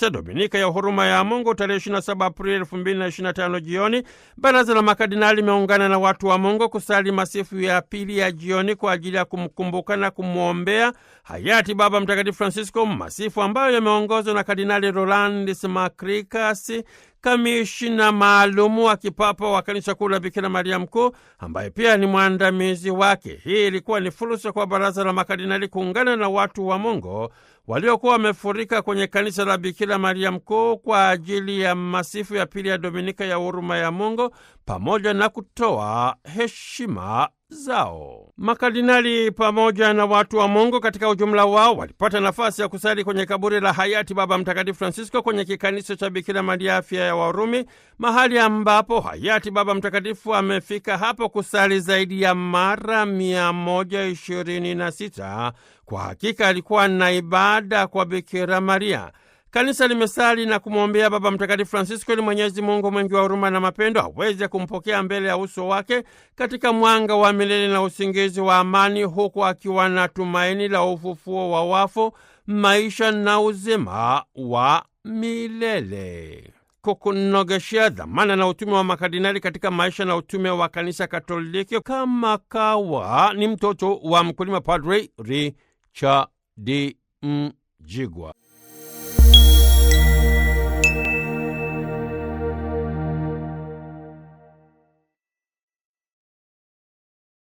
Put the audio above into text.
cha Dominika ya huruma ya Mungu tarehe 27 Aprili 2025 jioni, baraza la makardinali limeungana na watu wa Mungu kusali masifu ya pili ya jioni kwa ajili ya kumkumbuka na kumwombea hayati Baba Mtakatifu Francisco, masifu ambayo yameongozwa na Kardinali Rolandis Makrikasi kamishina maalumu wa kipapa wa kanisa kuu la Bikira Maria Mkuu, ambaye pia ni mwandamizi wake. Hii ilikuwa ni fursa kwa baraza la makardinali kuungana na watu wa Mungu waliokuwa wamefurika kwenye kanisa la Bikira Maria Mkuu kwa ajili ya masifu ya pili ya Dominika ya huruma ya Mungu, pamoja na kutoa heshima zao. Makardinali pamoja na watu wa Mungu katika ujumla wao walipata nafasi ya kusali kwenye kaburi la hayati Baba Mtakatifu Francisco kwenye kikanisa cha Bikira Maria Afya ya Warumi, mahali ambapo hayati Baba Mtakatifu amefika hapo kusali zaidi ya mara 126. Kwa hakika alikuwa na ibada kwa Bikira Maria. Kanisa limesali na kumwombea Baba Mtakatifu Francisco ili Mwenyezi Mungu mwingi wa huruma na mapendo aweze kumpokea mbele ya uso wake katika mwanga wa milele na usingizi wa amani, huku akiwa na tumaini la ufufuo wa wafu, maisha na uzima wa milele. Kukunogeshea dhamana na utume wa makardinali katika maisha na utume wa kanisa Katoliki, kama kawa ni mtoto wa mkulima, Padre Richard Mjigwa. you.